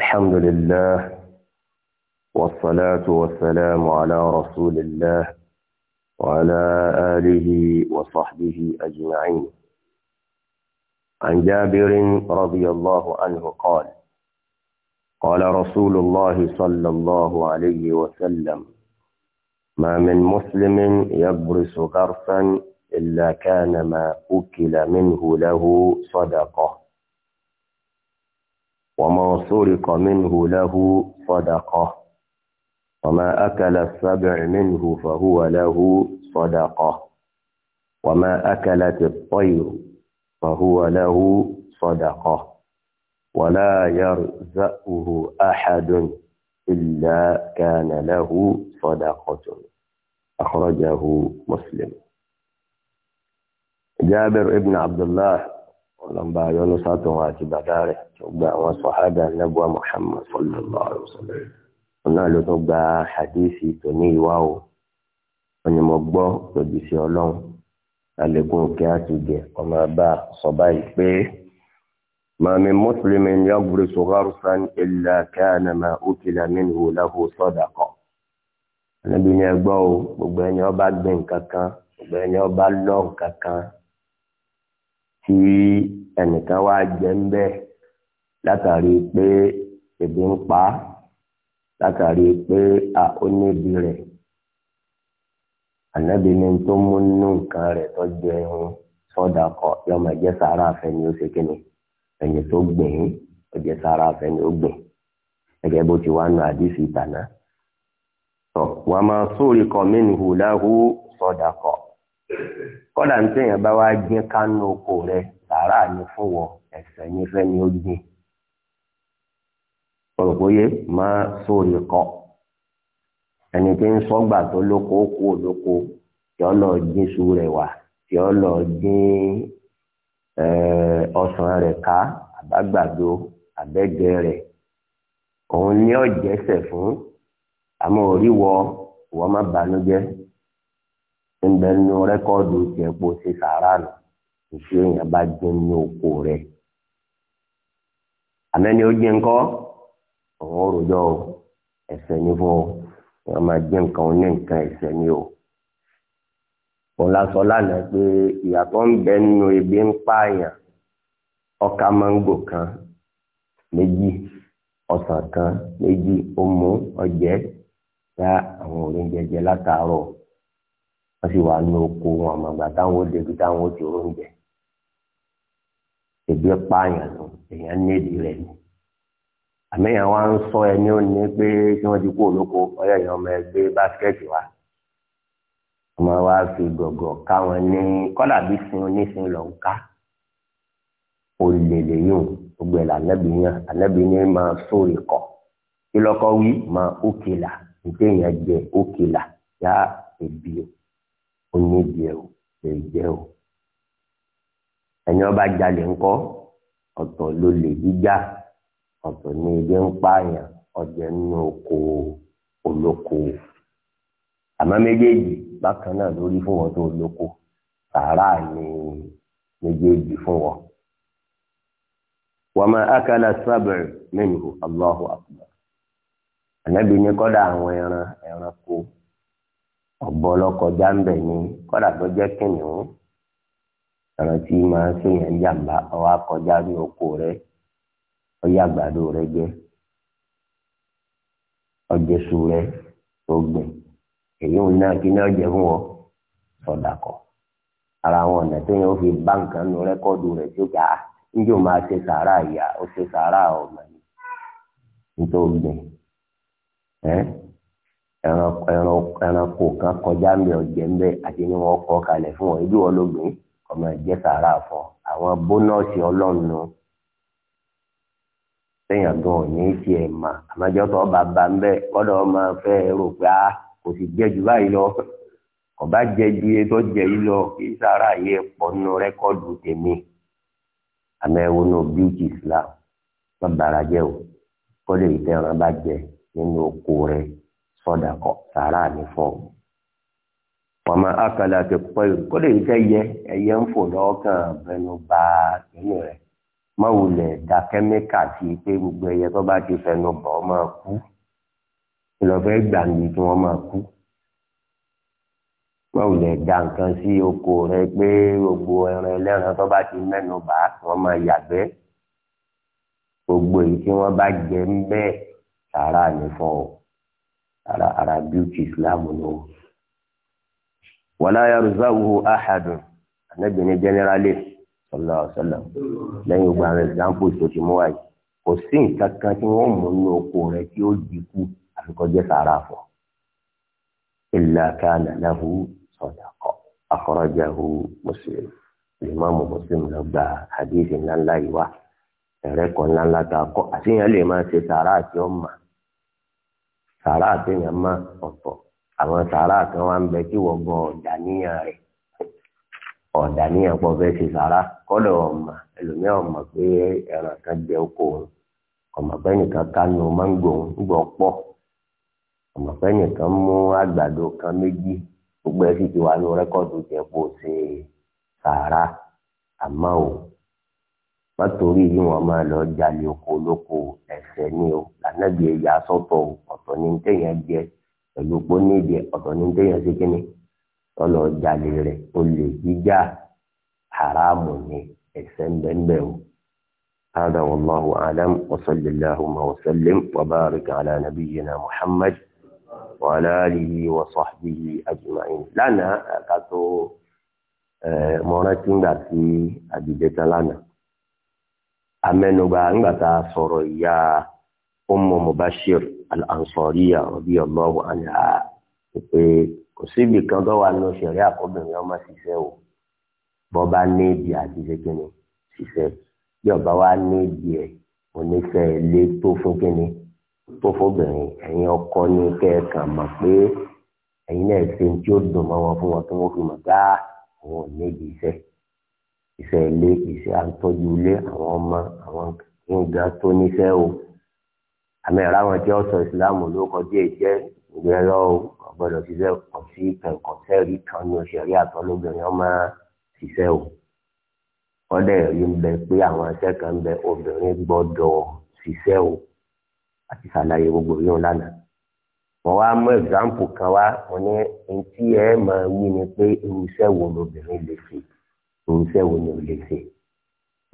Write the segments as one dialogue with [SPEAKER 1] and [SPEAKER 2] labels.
[SPEAKER 1] الحمد لله والصلاة والسلام على رسول الله وعلى آله وصحبه أجمعين عن جابر رضي الله عنه قال قال رسول الله صلى الله عليه وسلم ما من مسلم يبرس غرسا إلا كان ما أكل منه له صدقه وما سرق منه له صدقة وما أكل السبع منه فهو له صدقة وما أكلت الطير فهو له صدقة ولا يرزقه أحد إلا كان له صدقة أخرجه مسلم جابر ابن عبد الله ọlọ́mba ayọ́nú sátọ̀ àti bàbá rẹ̀ tó gba àwọn sọ̀hádà nẹ́bùà Muhammad sallallahu alaihi wasallam ọ̀nà ló tó gba hadithi tó ní ìwá o wọ́n ni mo gbọ́ lòdì sí ọlọ́run àlékún òkè àtúgẹ ọmọ bá sọ báyìí pé ma min muslimin yagrisu gharsan illa kana ma ukila minhu lahu sadaqa Ànábì ni ẹgbọ́ o gbogbo ẹni ọba gbìn kankan gbogbo ẹni ọba lọ́ kankan tí ẹnìkan wá jẹ ń bẹ látàrí pé pa látàrí pé a ó níbi rẹ̀ ànábì ni tó mú nínú nǹkan rẹ̀ tó jẹ ohun sọ́dà kọ yọmọ ẹ̀jẹ̀ sára afẹ́ni ó ṣe kíni ẹ̀yìn tó gbìn ín ẹ̀jẹ̀ sára afẹ́ni ó gbìn gẹ́gẹ́ bó ti wá nu àdìsí ìtànà. tọ́ wà máa oko sàárà ni fún ẹsẹ ẹ̀ṣẹ̀ ni fẹ́ni ó gbìn olùkóyè máa sóòrè kọ ẹni tí ń sọgbà tó lóko ó kú òlóko tí ọ lọ dín su rẹ̀ tí ọ lọ dín ọsàn rẹ ká àbágbàdo àbẹgẹ òun ní ọjẹsẹ fún oríwọ má ń rẹkọọdù òṣù èèyàn bá jẹ́ ní oko rẹ̀ àmẹ́ni ó jẹ́ ńkọ́ ọ̀hún òròjọ́ o ẹ̀ṣẹ̀ ní fún ọ wọ́n máa jẹ́ nǹkan oní nǹkan ẹ̀ṣẹ̀ ní o. ọ̀la sọ lánàá pé ìyàtọ̀ ń bẹ nínú ebi ń pààyàn ọkà máńgò kan méjì ọsàn kan méjì ọmú ọjẹ ya àwọn oúnjẹ jẹ látàárọ̀ wọ́n sì wà ní oko wọn àmàgbà táwọn ó débi táwọn ó ti oúnjẹ ebi pààyàn nù èèyàn nídìí rẹ̀ ni àmẹ́yàn wa ń sọ ẹni ó ní pé kí wọ́n ti kú olóko ọyọ èèyàn ọmọ ẹgbẹ́ báskẹ́ẹ̀tì wa ọmọ wa fi gọ̀gọ̀ káwọn ní kọ́là bí sin oníṣin lọ ń ká olè lèyìn gbogbo ẹ̀ lànàbí yàn ànàbí ni máa sóòrè kọ̀ kí lọ́kọ́ wí máa ókèlà ntẹ̀yìn jẹ ókèlà yá ebi o onídìí ẹ o lè jẹ o. ẹni ọba jalè Nkọ, ọtọ ló lè jíjà ọtọ ní ebi ń pààyàn ọ̀jẹ̀ nínú oko olóko àmọ́ méjèèjì bákan náà lórí fún wọn tó lóko sàárà ni méjèèjì akala sábẹ̀rẹ̀ minhu Allahu akbar ànábì ní kọ́dà àwọn ẹran ẹranko ọ̀bọ ń bẹ̀ ọ̀rọ̀ tí máa ń ṣèyàn jàǹbá ọwọ́ akọjá ní oko rẹ ọyá àgbàdo rẹ jẹ ọjẹsù rẹ tó èyí kí ọjẹ fún ọ sọdà ara wọn ọ̀nà tó yẹn fi bá nǹkan nu rẹ́kọ́ọ̀dù rẹ tó kà á níjó máa ṣe sàárà ìyá ó ṣe sàárà nítorí ẹranko kan kọjá ọjẹ ń bẹ àti wọn kọ ọ ọmọ ìjẹ́ sàrà fún àwọn bónọ́ọ̀sì ọlọ́nu sẹ́yìn gan ò ní tiẹ̀ mà àmọ́jọ́ tó bàbá ń bẹ̀ kọ́dọ̀ ọmọ fẹ́ rò pé a ah, kò sì jẹ́ jù báyìí lọ kò bá jẹ ju iye tó jẹ yìí lọ kí sàrà yẹ pọ̀ nínú rẹ́kọ́ọ̀dù tèmi àmọ́ ẹ̀wọ̀n náà bíútì Islam wọ́n bàrà jẹ́ o kọ́dọ̀ ìtẹ̀ràn bá jẹ nínú oko rẹ̀ sọ́dà kọ̀ sàrà ní fọ́ọ̀mù ọmọ akala ti pọ ìlú kó lè jẹ ẹyẹ ẹyẹ ń fò lọ́kàn bẹnu ba inú rẹ mọ̀wùlẹ̀ da kẹ́míkà sí pé gbogbo ẹyẹ tó bá ti fẹnu bọ̀ ọ́ máa kú ìlọ́fẹ́ gbàǹdì tí wọ́n máa kú mọ̀wùlẹ̀ da nǹkan sí oko rẹ pé gbogbo ẹran ẹlẹ́ran tó bá ti mẹ́nu bá wọ́n máa yàgbẹ́ gbogbo èyí tí wọ́n bá jẹ ń bẹ́ẹ̀ sàrà ní ara ara bíútì Islam ni o wàlá yarzuquhu ahadun ànábì ní jẹ́nẹ́rálì sọlá ọ̀sọ́lá lẹ́yìn ogun àwọn ẹ̀dáǹpù tó ti mú wáyé kò sí nǹkan kan tí wọ́n mú ní oko rẹ̀ tí ó dínkù àfikọ́jẹ́ sàrà fún illa kana lahu sadaqa akhrajahu muslim limamu muslim lọ gba hadith ńláńlá yìí wá ẹ̀rẹ́ kan ńláńlá ta kọ́ àti yẹn lè máa ṣe sàrà àti ọmọ sàrà àti yẹn má ọ̀tọ̀ àwọn sàárà kan wá ń bẹ tí wọ́n gan ọ̀dà níyàn rẹ̀ ọ̀dà níyàn pọ̀ fẹ́ ṣe sàárà kọ́dọ̀ ọ̀mà ẹlòmíràn ọ̀mà pé ẹran kan jẹ oko òun ọ̀mà pé nìkan kánú máńgò òun ń gbọ́ pọ̀ ọ̀mà pé nìkan mú àgbàdo kan méjì gbogbo ẹ̀ sì ti wà ní rẹ́kọ̀dù jẹ́ ṣe sàárà àmọ́ ò mọ́tòrí yìí wọ́n máa lọ jalè oko olóko ẹ̀sẹ̀ ni o lànàbí ẹ̀yà sọ́tọ̀ ọ̀tọ̀ ní téèyàn jẹ́ pẹ̀lú pé ó ní ìdí ọ̀tọ̀ ní téèyàn ṣe kínní lọ́lọ́ jalè rẹ̀ olè jíjà haramu ni ẹ̀ṣẹ̀ ń bẹ́ẹ̀ bẹ́ẹ̀ o. هذا والله أعلم وصل اللهم وسلم وبارك على نبينا محمد وعلى آله وصحبه أجمعين لنا كاتو موناتين داتي أديدتا لنا أمنوا بأن سوريا أم مبشر al-Ansariya radiyallahu anha pé kò síbi kan tó wà ní òṣèré àkọ́bìnrin ọmọ ṣiṣẹ́ o bọ́ bá ní ìdí àti ṣẹ́kínní ṣiṣẹ́ bí ọba wa ní ìdí ẹ̀ oníṣẹ́ ilé tó fún kínní tó fóbìnrin ẹ̀yin ọkọ ní kẹ́ẹ̀kan mọ̀ pé ẹ̀yin náà ṣe ń tí ó dùn mọ́ wọn fún wọn tó wọ́n fi mọ̀ dá ah, àwọn níbi iṣẹ́ iṣẹ́ ilé iṣẹ́ àtọ́jú ilé àwọn ọmọ àwọn nǹkan tó níṣẹ́ o àmì ẹ̀rọ àwọn ẹjọ́ sọ ìsìláàmù ló kọjú ẹ̀jẹ̀ ìgbẹ́ lọ ọ̀gbọ́dọ̀ ṣiṣẹ́ kọ̀ sí pẹ̀kọ̀tẹ́ rí kan ní òṣèré àtọ́lóbìnrin ọmọ ṣiṣẹ́ o ọdẹ rí ń bẹ pé àwọn ẹṣẹ́ kan ń bẹ obìnrin gbọ́dọ̀ ṣiṣẹ́ o àti ṣàlàyé gbogbo yóò lánàá mo wá mú ẹ̀gbáǹpù kan wá mo ní ntí ẹ máa wí ni pé irúṣẹ́ wo lobìnrin lè ṣe irúṣẹ́ wo ni ò lè ṣe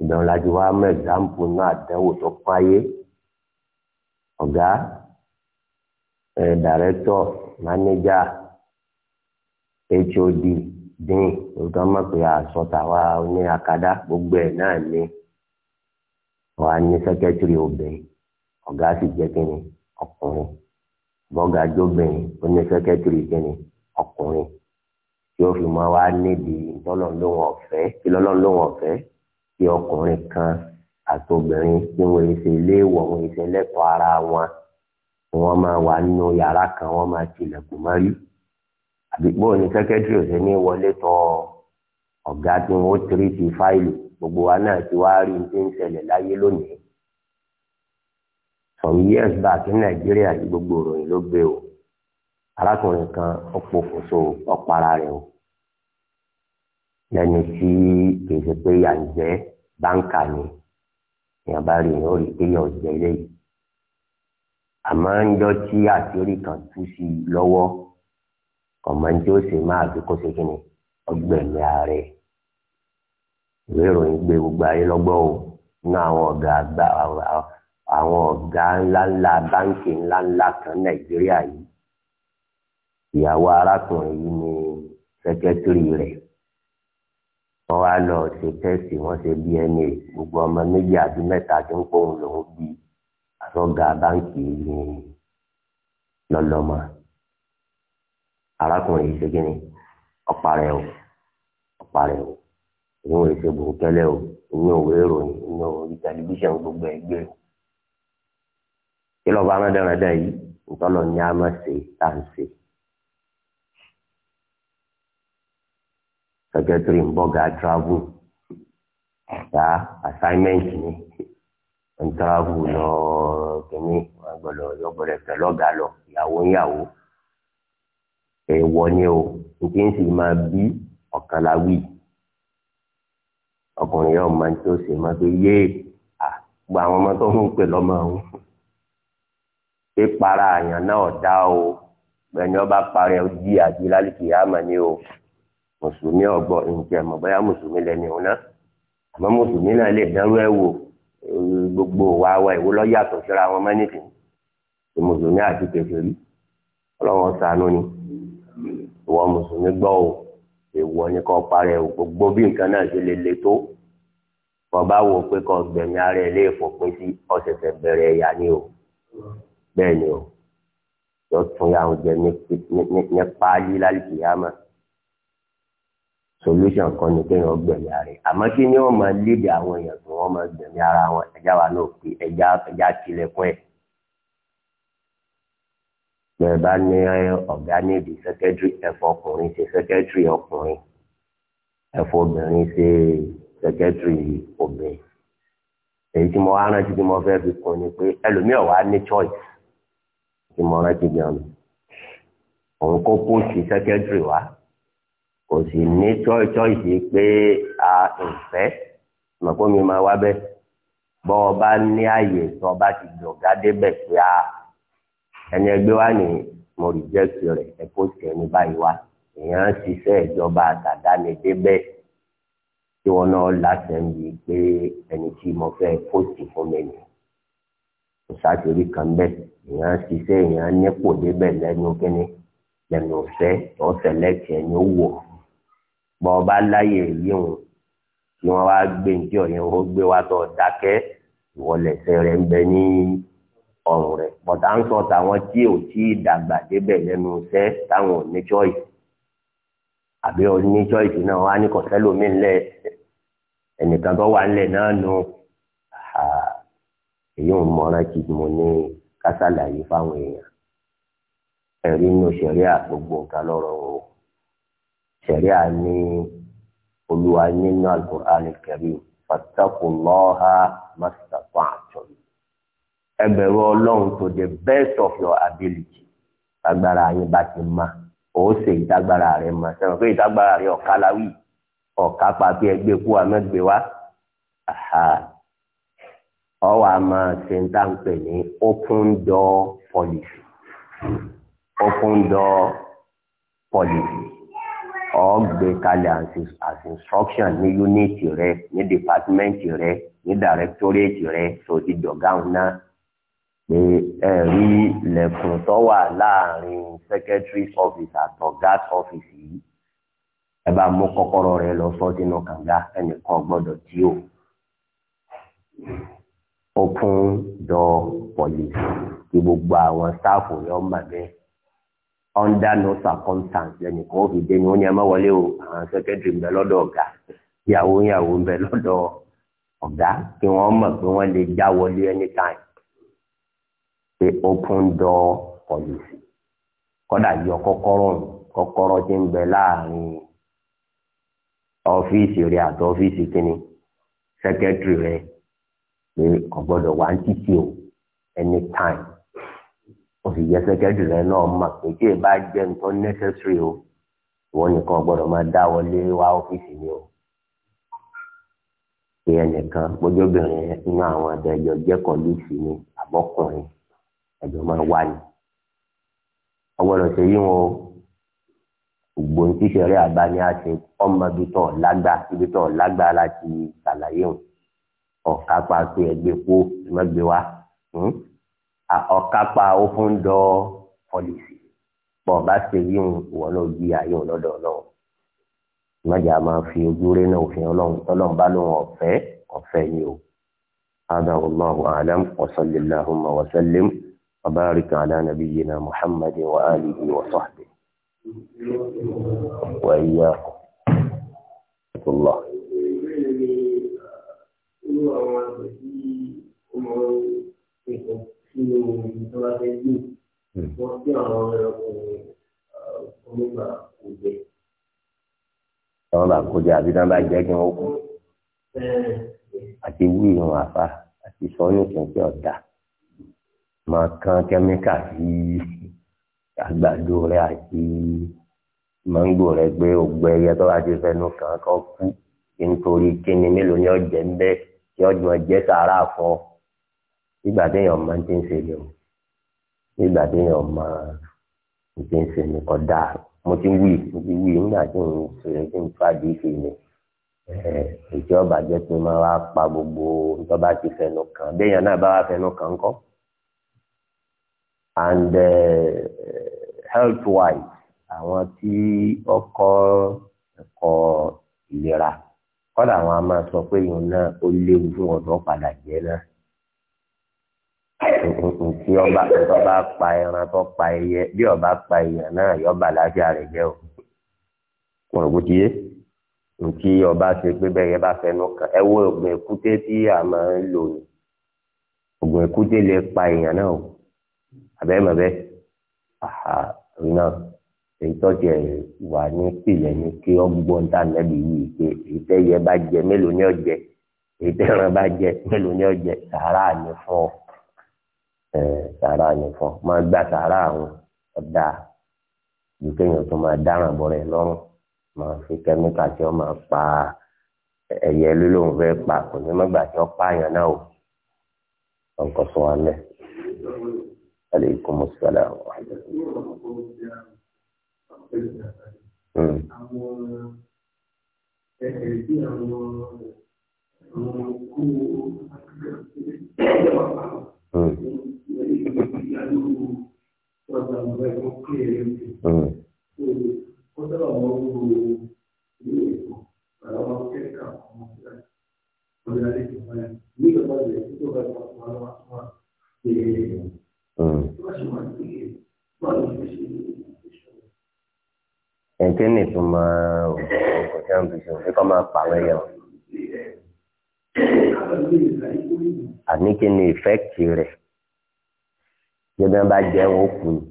[SPEAKER 1] ìdánlájú wá mú ẹ̀gbáǹpù náà àdánwò tó páyé ọ̀gá ẹ̀ dàrẹ́tọ̀ mánéjà hod dín òótọ́ mọ̀ pé àsọta wa ní akadá gbogbo ẹ̀ náà ni wà ní sẹ́kẹ́tìrì obìnrin ọ̀gá sì jẹ́ kínní ọkùnrin bọ́gà jóbìnrin ó ní sẹ́kẹ́tìrì kínní ọkùnrin tí ó fi mọ́ wá nídìí lọ́lọ́run lóhun ọ̀fẹ́ tí lọ́lọ́run lóhun ọ̀fẹ́ tí ọkùnrin kan àtobìnrin tí wọ́n ń ṣe léèwọ̀ wọ́n ń ṣe lẹ́tọ̀ọ́ ara wọn ni wọ́n máa wà nínú yàrá kan wọ́n máa tilẹ̀kùn mọ́rí àbí bóun ni sẹ́kẹ́tìrì ọ̀sẹ̀ ní wọlé tọ ọ̀gá tí wọ́n tiri ti fáìlì gbogbo wa náà ti wá rí ní ń ṣẹlẹ̀ láyé lónìí some years back ní nàìjíríà ní gbogbo ìròyìn ló gbé o arákùnrin kan ọ̀pọ̀ kòso ọ̀para rẹ̀ o lẹ́ni tí kì í ṣe pé yà báńkà ni èèyàn bá rí èèyàn rí pé yóò jẹ àmọ́ ń jọ tí àṣírí kan tú sí i lọ́wọ́ ọmọ tí ó ṣe máa fi kó ṣe kí ni ọgbẹ̀mí ààrẹ ìwé ìròyìn gbé gbogbo ayé lọ́gbọ́ o nínú àwọn ọ̀gá àgbà àwọn ọ̀gá ńláńlá báńkì ńláńlá kan nàìjíríà yìí ìyàwó arákùnrin yìí ni sẹkẹtìrì rẹ̀ wọ́n wá lọ ṣe tẹ́sì wọ́n ṣe DNA gbogbo ọmọ méjì àti mẹ́ta tí ń pòun lòún bí àsọ̀gà báǹkì ní lọ́lọ́mọ arákùnrin yìí ṣe kí ni ọ̀pá rẹ̀ o ọ̀pá rẹ̀ o ìwọ̀n èsè bòńkẹ́lẹ́ o inú òwe ìròyìn inú orí tẹlifíṣàn gbogbo ẹgbẹ́ o kí lọ́ọ́ bá rán dáradára yìí nítorí ọ̀nà ni a máa ṣe tá à ń ṣe. secretary ń bọ̀ ga travel ta assignment ni ń travel lọ kìíní wọn gbọ́dọ̀ yọgbọ́dọ̀ tẹ̀ lọ́gàá lọ ìyàwó ìyàwó èèwọ̀ ni o nítí ń sì máa bí ọ̀kan la wí ọkùnrin yóò máa ń tó ṣe máa tó yé à gba àwọn ọmọ tó ń pè lọ́mọ òun pípara àyàn náà dá o gbẹ̀yìn ọba parẹ́ ó jí àti lálùkì yá mà ní o mùsùlùmí ọgbọ nǹkẹ mọ bóyá mùsùlùmí lẹni òun náà àmọ́ mùsùlùmí náà lè dánwó ẹ wò gbogbo wa wa ìwó lọ síra wọn mọ nìkan mùsùlùmí àti kèfèrí Ọlọ́run ṣàánú ni ìwọ mùsùlùmí gbọ́ o èèwọ̀ ni kò parẹ́ o gbogbo bí nǹkan náà ṣe lè le tó kọba wo pé kọ gbẹ̀mí ara ẹ léèfọpin sí ọsẹsẹ bẹ̀rẹ̀ ẹyà ni o bẹ́ẹ̀ ni o yóò tún yà ń jẹ ní páálí lálùkìyàmà solution kan ni kéèyàn gbẹ̀mí ara rẹ̀ àmọ́ kí ni wọ́n máa léde àwọn èèyàn tó wọ́n máa gbẹ̀mí ara wọn ẹja wa náà pé ẹja ẹja tilẹ̀kùn ẹ̀. bẹ́ẹ̀ bá ní ọ̀gá níbi secretary ẹ̀fọ́ ọkùnrin ṣe secretary ọkùnrin ẹ̀fọ́ obìnrin ṣe secretary obìnrin. èyí tí mo wá rántí tí mo fẹ́ fi kún ni pé ẹlòmíràn wá ní choice tí mo rántí bí ọ̀nà òun kó kóòtù secretary wa kò sì ní choice pé a ìfẹ́ mọ̀kómi máa wá bẹ́ẹ̀ bọ́ ọ bá ní àyè tó bá ti dọ̀gá débẹ̀ pé a ẹni ẹgbẹ́ wa ni mo reject rẹ̀ ẹ kó tẹ̀ ní báyìí wá èèyàn ṣiṣẹ́ ìjọba àtàdáni débẹ̀ tí wọn náà látẹ̀mí pé ẹni tí mo fẹ́ post fún mi ni ìṣàtìrí kan bẹ́ẹ̀ èèyàn ṣiṣẹ́ èèyàn nípò débẹ̀ lẹ́nu kínní lẹ́nu ọ̀fẹ́ ọ̀fẹ́ lẹ́kẹ̀ẹ́ ni ó wọ̀ bọ́ ọba láyè yíwọn ni wọ́n wá gbé ní tí ọ̀yẹ́ wọ́n gbé wá tọ́ dákẹ́ ìwọlẹ̀sẹ̀ rẹ̀ ń bẹ ní ọ̀rùn rẹ̀ bọ̀dá ń sọ tàwọn tí ò tí ì dàgbà débẹ̀ lẹ́nu iṣẹ́ táwọn ò ní choice àbí ò ní choice náà wọ́n á ní kọ̀sẹ́lómi ńlẹ̀ ẹnìkan tó wà ńlẹ̀ náà nù èyí ń mọ̀ràn kí mo ní kásálàyé fáwọn èèyàn ẹ̀rí inú ṣẹ̀ríà gbogbo nǹkan lọ́rọ̀ o ṣẹ̀ríà ní olúwa nínú al-Qur'an al-Karim fattaqullaha mastata'tum ẹ ọlọ́run to the best of your ability agbára yín bá ti ma ó ṣe ìtagbára rẹ ma sẹ́wọ̀n pé ìtagbára rẹ ọ̀ka láwì ọ̀ka pàbí ẹgbẹ́ kú amẹ́gbẹ́ wa ọwọ́ a máa ṣe ń tà ń pè ní open door policy open door policy ọgbẹ kalẹ̀ as instruction ní unit rẹ ní department rẹ ní directorate rẹ tó ti dọgáhùn náà pé ẹ̀rí lẹ̀kùn tó wà láàrin secretary's office àtọ̀gás office yìí ẹ bá mú kọ́kọ́rọ́ rẹ lọ sọ sínú kànga ẹnìkan gbọ́dọ̀ tí o open door police kí gbogbo àwọn sáàfù yọ mà bẹ́ẹ̀ under no circumstance lẹ́nu kan ó fi dé ni wọ́n ní ẹ wọlé o àwọn secretary ń bẹ lọ́dọ̀ ọ̀gá ìyàwó ìyàwó ń bẹ lọ́dọ̀ ọ̀gá kí wọ́n mọ̀ pé wọ́n lè já wọlé anytime pé open door policy kọ́dà yọ kọ́kọ́rọ́ kọ́kọ́rọ́ tí ń bẹ láàrin ọ́fíìsì rẹ àti ọ́fíìsì kínní secretary rẹ pé kò gbọ́dọ̀ wá ń títí o anytime sì yẹ sẹkẹtìrì rẹ náà mà pé tí èyí bá jẹ nǹkan necessary o ìwọ nìkan gbọ́dọ̀ máa dá wọlé wá ọ́fíìsì ni o èèyàn nìkan gbójóbìnrin inú àwọn àdájọ jẹkọọ lùsì ni àbọkùnrin ẹjọ máa wà ní ọgbọ́dọ̀ ṣe yí wọn ògbó ní tíṣẹrí àbá ni a ṣe ọmọ ibi tọ lágbà ibi tọ lágbà láti ṣàlàyé wọn ọ̀kápá pé ẹgbẹ́ kó ẹgbẹ́ wa ọ̀kápá open door policy bọ̀ ọba ṣe yí wọn náà jí ayé wọn lọ́dọ̀ ọlọ́run ìmájà máa fi ojú rẹ náà òfin ọlọ́run ọlọ́run bá lóun ọ̀fẹ́ ọ̀fẹ́ ni o. هذا والله أعلم وصل اللهم وسلم وبارك على نبينا محمد وآله وصحبه وإياكم الله nínú ìjọba fẹ́ hmm. gbé wọ́n sí àwọn ẹranko uh, onígbà kò jẹ. àwọn àkójọ àbí náà bá jẹ́ kí wọ́n kú àti wí ìrùn àfa àti sọ ní kẹ̀kẹ́ ọ̀dà máa kan kẹ́míkà sí àgbàdo rẹ àti mọ́ngò rẹ pé ògbẹ́ ẹyẹ tó bá ti fẹnu kàn kọ́ kú nítorí kíni mélòó ni ọ̀jẹ̀ ń bẹ́ tí ọ̀jọ̀ jẹ́ sàárà fún ìgbà téèyàn máa ń ti ń ṣe ni o ìgbà téèyàn máa ń ti ń ṣe ni ọ̀dà mo ti wí mo ti wí nígbà tí n ṣe tí n fàdí ṣe ni ìjọba jẹ́ pé máa wá pa gbogbo ìjọba ti fẹnu kan? béèyàn náà bá wá fẹnu kàn kọ́ and eh, health wise àwọn tí ọkọ ẹ̀kọ́ ìlera kọ́dà àwọn a máa sọ pé ìyọ̀n náà ó léwu fún ọ̀dọ́ padà jẹ́ náà tí ọba tó bá pa ẹran tó pa ẹyẹ bí ọba pa èèyàn náà yọba lájà rẹ̀ jẹ́ o wọn ò bójú yé nti ọba ṣe pé bẹ́ẹ̀ yẹn bá fẹnu kàn ẹ wo oògùn èkúté tí a máa ń lò ní oògùn èkúté lè pa èèyàn náà o àbẹ́ mọ̀ bẹ́ẹ̀ àhà iná èyí tọ́jú ẹ̀ wà ní pìlẹ̀ ní kí ọgbọ́n tá nẹ́bí yìí pé èyí tẹ́ yẹ bá jẹ mélòó ní ọ̀jẹ̀ èyí tẹ́ ẹran bá jẹ mélòó ní ọ̀jẹ̀ sàárà ní fún ọ sàárà yẹn fún máa gba sàárà àwọn ọ̀dà ju kéèyàn tó máa dáràn bọ̀rẹ̀ lọ́rùn máa fi kẹ́míkà tí wọ́n máa pa ẹ̀yẹ lólóhùn fẹ́ pa kò ní mọ́gbà tí wọ́n pààyàn náà o ọkọ̀ sọ wa lẹ̀ aleykum salaam wa rahmatulah. Mm. Hmm ẹ̀kẹ́ nìkan máa ọkọ̀ tí a ń fi ṣe òfin kọ́ máa pààrọ̀ ẹ̀yà wọn. àní kí ni ìfẹ́kì rẹ̀ ní wọn bá jẹ wọn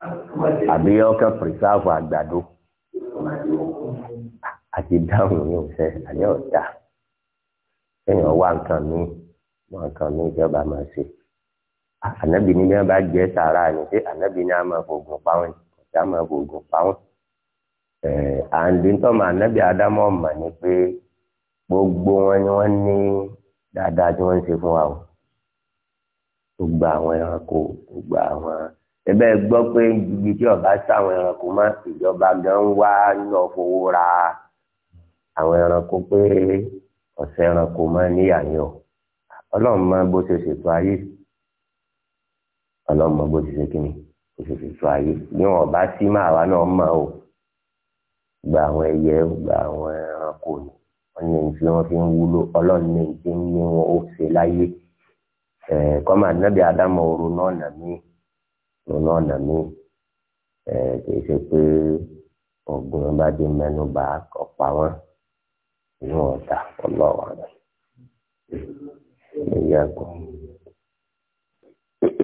[SPEAKER 1] ó kú ni àbí ọkàn pírísàfù àgbàdo àti dáhùn ní òṣè àlẹ́ ọ̀dà kéèyàn wá nǹkan mi wá nǹkan mi ìjọba máa ṣe ànábì ní wọn bá jẹ sàrà ni pé ànábì ní a máa fògùn pàwọn ọ̀dà máa fògùn pàwọn àǹdíntọ́mọ ànábì ádámọ̀ mọ̀ ni pé gbogbo wọn ni wọ́n ní dáadáa tí wọ́n ń ṣe fún wa o gbogbo àwọn ẹranko gbogbo àwọn ẹbẹ gbọ́ pé ibi tí ọba sáwọn ẹranko má ìjọba gan wá lọ fowó ra àwọn ẹranko pé ọ̀sẹ̀ ẹranko má níyàyàn ọlọ́run mọ bó ṣe ṣètò ayé ọlọ́run mọ bó ṣe ṣe kíni bó ṣe ṣètò ayé ní ọba sí máa wá náà mọ o gba àwọn ẹyẹ gba àwọn ẹranko ni wọn ní ní tí wọn fi ń wúlò ọlọ́run ní ní tí wọn ó ṣe láyé. Eh, kọ́mà nàbí adamu ronú ọ̀nà mi ronú ọ̀nà mi eh, kìí ṣe pé ọgbọ́n bá dé mẹ́nu bá ọ̀pá wọn inú ọ̀tá ọlọ́wọ́ rẹ̀ níyàgò.